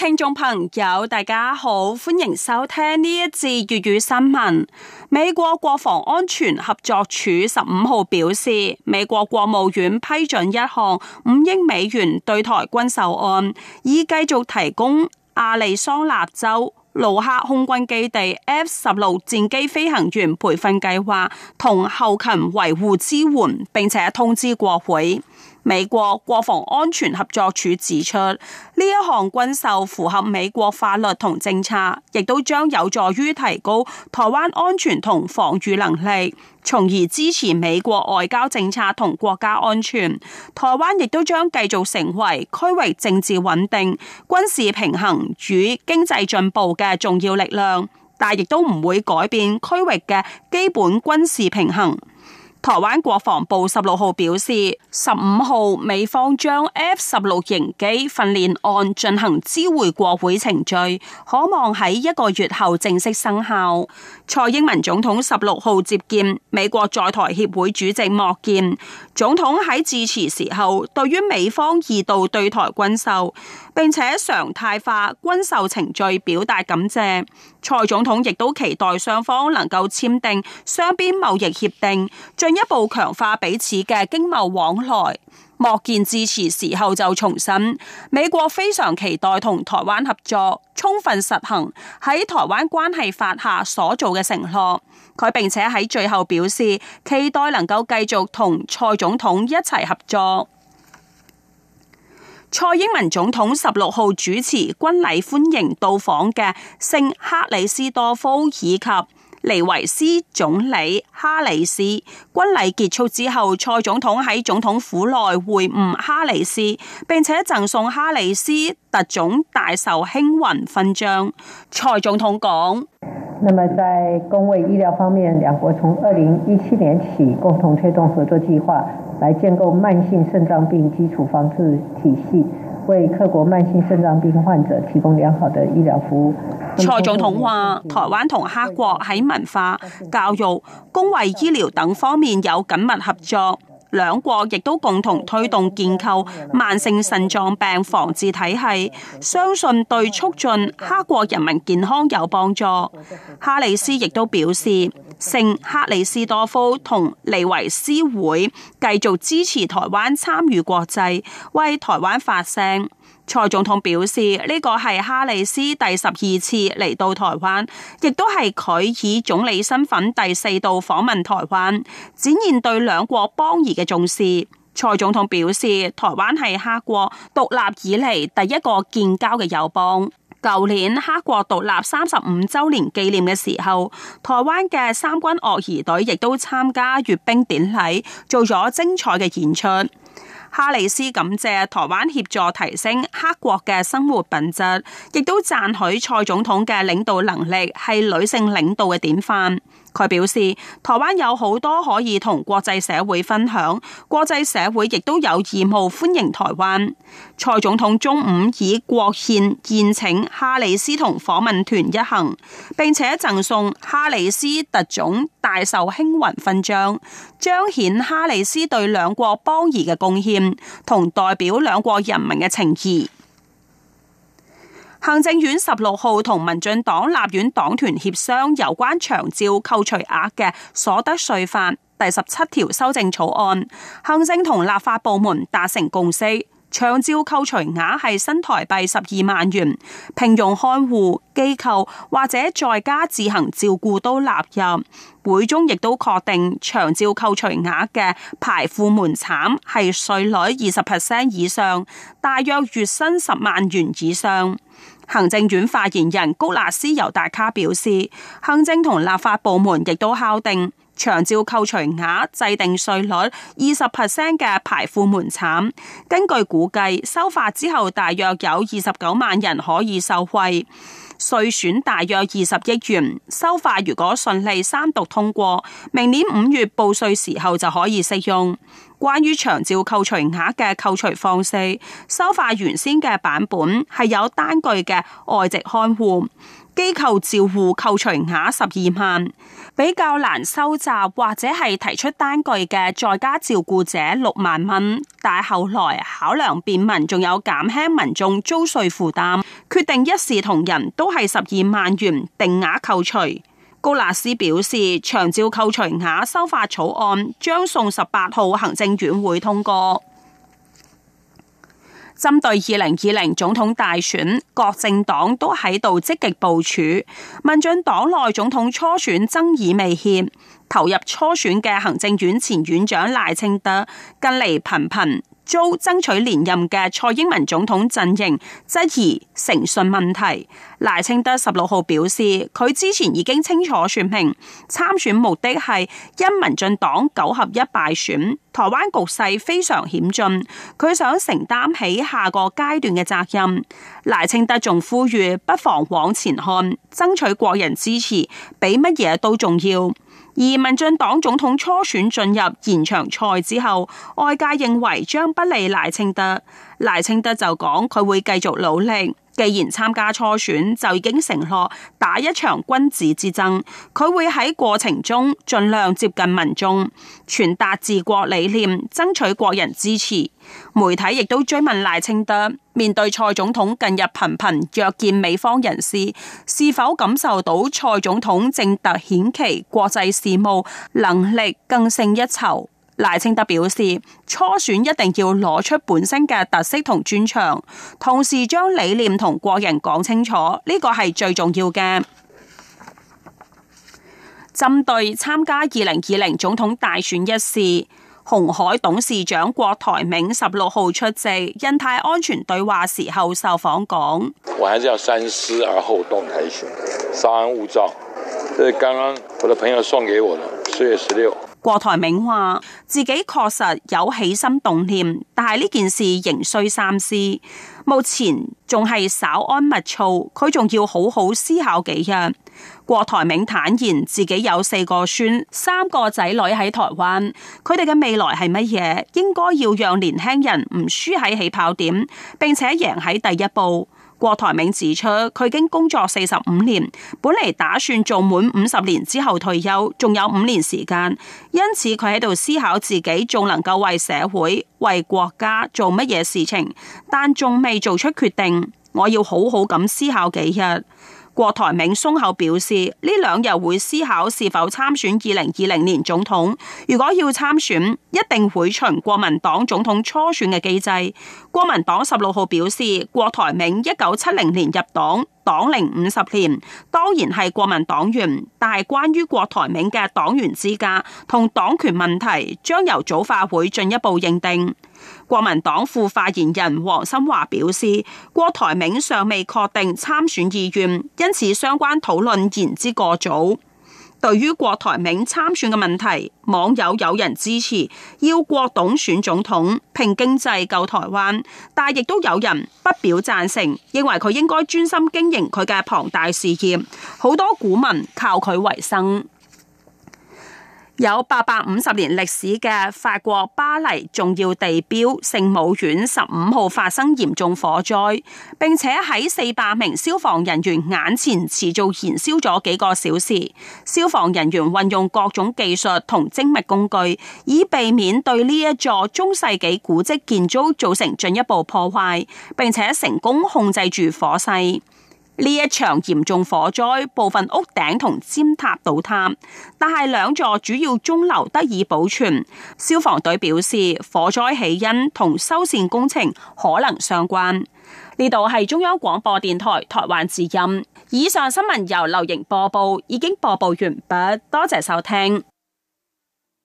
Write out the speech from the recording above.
聽眾朋友，大家好，歡迎收聽呢一節粵語新聞。美國國防安全合作署十五號表示，美國國務院批准一項五億美元對台軍售案，以繼續提供亞利桑那州盧克空軍基地 F 十六戰機飛行員培訓計劃同後勤維護支援，並且通知國會。美國國防安全合作處指出，呢一項軍售符合美國法律同政策，亦都將有助於提高台灣安全同防禦能力，從而支持美國外交政策同國家安全。台灣亦都將繼續成為區域政治穩定、軍事平衡與經濟進步嘅重要力量，但亦都唔會改變區域嘅基本軍事平衡。台灣國防部十六號表示，十五號美方將 F 十六型機訓練案進行知會國會程序，可望喺一個月後正式生效。蔡英文總統十六號接見美國在台協會主席莫健，總統喺致辭時候對於美方二度對台軍售，並且常態化軍售程序表達感謝。蔡總統亦都期待雙方能夠簽訂雙邊貿易協定。進一步強化彼此嘅經貿往來，莫健致詞時候就重申，美國非常期待同台灣合作，充分實行喺台灣關係法下所做嘅承諾。佢並且喺最後表示，期待能夠繼續同蔡總統一齊合作。蔡英文總統十六號主持軍禮歡迎到訪嘅聖克里斯多夫以及。尼維斯總理哈里斯，軍禮結束之後，蔡總統喺總統府內會晤哈里斯，並且贈送哈里斯特種大綬輕雲勳章。蔡總統講：那麼在公衛醫療方面，兩國從二零一七年起共同推動合作計劃，來建構慢性腎臟病基礎防治體系。為克國慢性腎臟病患者提供良好的醫療服務。蔡總統話：台灣同克國喺文化、教育、公衛、醫療等方面有緊密合作。兩國亦都共同推動建構慢性腎臟病防治體系，相信對促進克國人民健康有幫助。哈里斯亦都表示，聖克里斯多夫同尼維斯會繼續支持台灣參與國際，為台灣發聲。蔡總統表示，呢個係哈里斯第十二次嚟到台灣，亦都係佢以總理身份第四度訪問台灣，展現對兩國邦誼嘅重視。蔡總統表示，台灣係克國獨立以嚟第一個建交嘅友邦。舊年克國獨立三十五週年紀念嘅時候，台灣嘅三軍樂儀隊亦都參加閱兵典禮，做咗精彩嘅演出。哈里斯感謝台灣協助提升黑國嘅生活品質，亦都讚許蔡總統嘅領導能力，係女性領導嘅典範。佢表示，台灣有好多可以同國際社會分享，國際社會亦都有義務歡迎台灣。蔡總統中午以國宴宴請哈里斯同訪問團一行，並且贈送哈里斯特種大綬卿雲勳章，彰顯哈里斯對兩國邦誼嘅貢獻同代表兩國人民嘅情誼。行政院十六號同民進黨立院黨團協商有關長照扣除額嘅所得稅法第十七條修正草案，行政同立法部門達成共識。長照扣除額係新台幣十二萬元，聘用看護機構或者在家自行照顧都納入。會中亦都確定長照扣除額嘅排富門檻係稅率二十 percent 以上，大約月薪十萬元以上。行政院發言人谷辣斯尤達卡表示，行政同立法部門亦都敲定。長照扣除額制定稅率二十 percent 嘅排富門檻，根據估計，修法之後大約有二十九萬人可以受惠，稅損大約二十億元。修法如果順利三讀通過，明年五月報稅時候就可以適用。關於長照扣除額嘅扣除方式，修改原先嘅版本係有單據嘅外籍看護機構照護扣除額十二萬，比較難收集或者係提出單據嘅在家照顧者六萬蚊，但係後來考量便民，仲有減輕民眾租稅負擔，決定一視同仁，都係十二萬元定額扣除。高納斯表示，長照扣除額修法草案將送十八號行政院會通過。針對二零二零總統大選，各政黨都喺度積極部署。民進黨內總統初選爭議未歇，投入初選嘅行政院前院長賴清德近嚟頻頻。遭爭取連任嘅蔡英文總統陣營質疑誠信問題，賴清德十六號表示，佢之前已經清楚說明參選目的係因民進黨九合一敗選，台灣局勢非常險峻，佢想承擔起下個階段嘅責任。賴清德仲呼籲不妨往前看，爭取國人支持，比乜嘢都重要。而民進黨總統初選進入延長賽之後，外界認為將不利賴清德。賴清德就講，佢會繼續努力。既然參加初選，就已經承諾打一場君子之爭。佢會喺過程中盡量接近民眾，傳達治國理念，爭取國人支持。媒體亦都追問賴清德面對蔡總統近日頻頻約見美方人士，是否感受到蔡總統正突險顯其國際事務能力更勝一籌？賴清德表示，初選一定要攞出本身嘅特色同專長，同時將理念同國人講清楚，呢個係最重要嘅。針對參加二零二零總統大選一事，鴻海董事長郭台銘十六號出席印太安全對話時候受訪講，我還是要三思而後動，大選，稍安勿躁，這是剛剛我的朋友送給我的四月十六。郭台銘話：自己確實有起心動念，但係呢件事仍需三思。目前仲係稍安勿躁，佢仲要好好思考幾日。郭台銘坦言自己有四個孫，三個仔女喺台灣，佢哋嘅未來係乜嘢？應該要讓年輕人唔輸喺起跑點，並且贏喺第一步。郭台銘指出，佢已經工作四十五年，本嚟打算做滿五十年之後退休，仲有五年時間，因此佢喺度思考自己仲能夠為社會、為國家做乜嘢事情，但仲未做出決定。我要好好咁思考幾日。郭台銘鬆口表示，呢兩日會思考是否參選二零二零年總統，如果要參選一定會循國民黨總統初選嘅機制。國民黨十六號表示，郭台銘一九七零年入黨黨齡五十年，當然係國民黨員，但係關於郭台銘嘅黨員資格同黨權問題將由組發會進一步認定。國民黨副發言人黃心華表示，郭台銘尚未確定參選意願，因此相關討論言之過早。對於郭台銘參選嘅問題，網友有人支持，要郭董選總統，拼經濟救台灣，但亦都有人不表贊成，認為佢應該專心經營佢嘅龐大事業，好多股民靠佢為生。有八百五十年歷史嘅法國巴黎重要地標聖母院十五號發生嚴重火災，並且喺四百名消防人員眼前持續燃燒咗幾個小時。消防人員運用各種技術同精密工具，以避免對呢一座中世紀古蹟建築造成進一步破壞，並且成功控制住火勢。呢一場嚴重火災，部分屋頂同尖塔倒塌，但係兩座主要鐘樓得以保存。消防隊表示，火災起因同修繕工程可能相關。呢度係中央廣播電台台灣之音。以上新聞由劉瑩播報，已經播報完畢，多謝收聽。